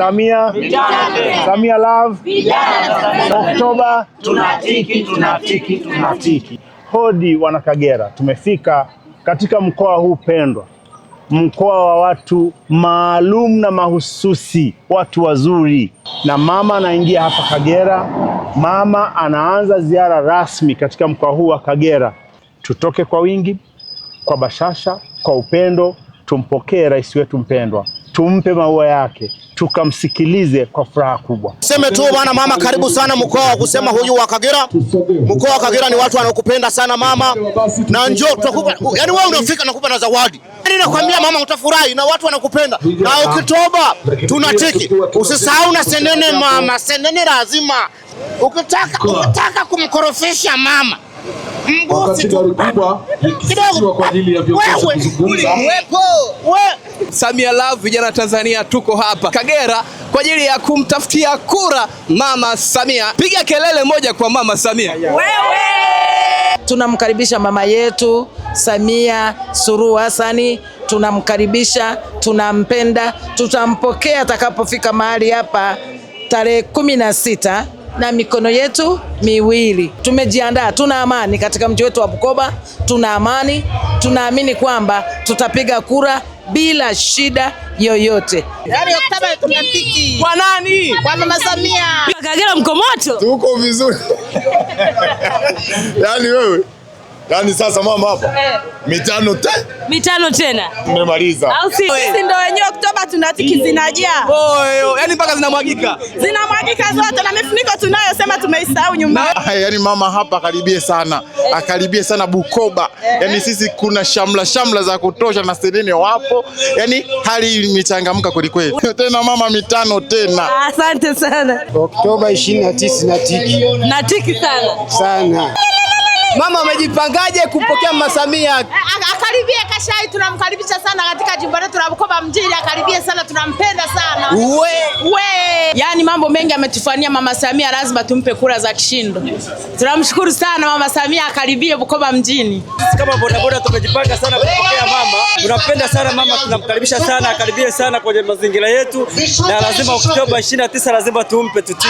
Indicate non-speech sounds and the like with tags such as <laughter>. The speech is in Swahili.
Samia vijana, Samia love vijana, Oktoba tunatiki, tunatiki, tunatiki. Hodi Wanakagera, tumefika katika mkoa huu pendwa, mkoa wa watu maalum na mahususi, watu wazuri. Na mama anaingia hapa Kagera, mama anaanza ziara rasmi katika mkoa huu wa Kagera. Tutoke kwa wingi, kwa bashasha, kwa upendo, tumpokee rais wetu mpendwa tumpe maua yake tukamsikilize kwa furaha kubwa. Seme tu bwana mama, karibu sana mkoa wa kusema huyu wa Kagera. Mkoa wa Kagera ni watu wanaokupenda sana mama, na njoo tutakupa, yani wewe unafika nakupa na zawadi, yani nakwambia mama, utafurahi na watu wanakupenda, na ukitoba tunatiki. Usisahau na senene mama, senene lazima. Ukitaka ukitaka kumkorofisha mama mbuzi kidogo kwa ajili ya viongozi kuzungumza. Samia Love, vijana Tanzania tuko hapa Kagera kwa ajili ya kumtafutia kura Mama Samia. Piga kelele moja kwa Mama Samia. Wewe tunamkaribisha mama yetu Samia Suluhu Hassani, tunamkaribisha, tunampenda, tutampokea atakapofika mahali hapa tarehe kumi na sita na mikono yetu miwili. Tumejiandaa, tuna amani katika mji wetu wa Bukoba, tuna amani, tunaamini kwamba tutapiga kura bila shida yoyote. Yaani Oktoba tunafiki. Kwa nani? Kwa Mama Samia. Kagera mkomoto. Tuko vizuri. <laughs> Yaani wewe. Yaani sasa mama hapa. Mitano tena. Mitano tena. Tumemaliza. Au si sisi ndio wenyewe Oktoba tunatiki zinajia. Oyo, yani mpaka zinamwagika. Zinamwagika zote na mifuniko tunayosema tumeisahau nyumbani. Yaani mama hapa karibie sana akaribie sana Bukoba. Yani sisi kuna shamla shamla za kutosha na Selene wapo, yani hali imechangamka kwelikweli. <laughs> Tena mama mitano tena, asante sana. Oktoba 29 na tiki sana sana. Mama, umejipangaje kupokea Mama Samia? Eh, eh, akaribie kashai, tunamkaribisha sana katika jimbo letu la Bukoba mjini, akaribie sana, tunampenda sana. Uwe. Uwe. Yaani mambo mengi ametufanyia Mama Samia, lazima tumpe kura za kishindo. Tunamshukuru sana Mama Samia, akaribie Bukoba mjini. Kama bodaboda tumejipanga sana kupokea mama, tunapenda sana mama, tunamkaribisha sana, akaribie sana kwenye mazingira yetu, na lazima Oktoba 29 lazima tumpe tutiki.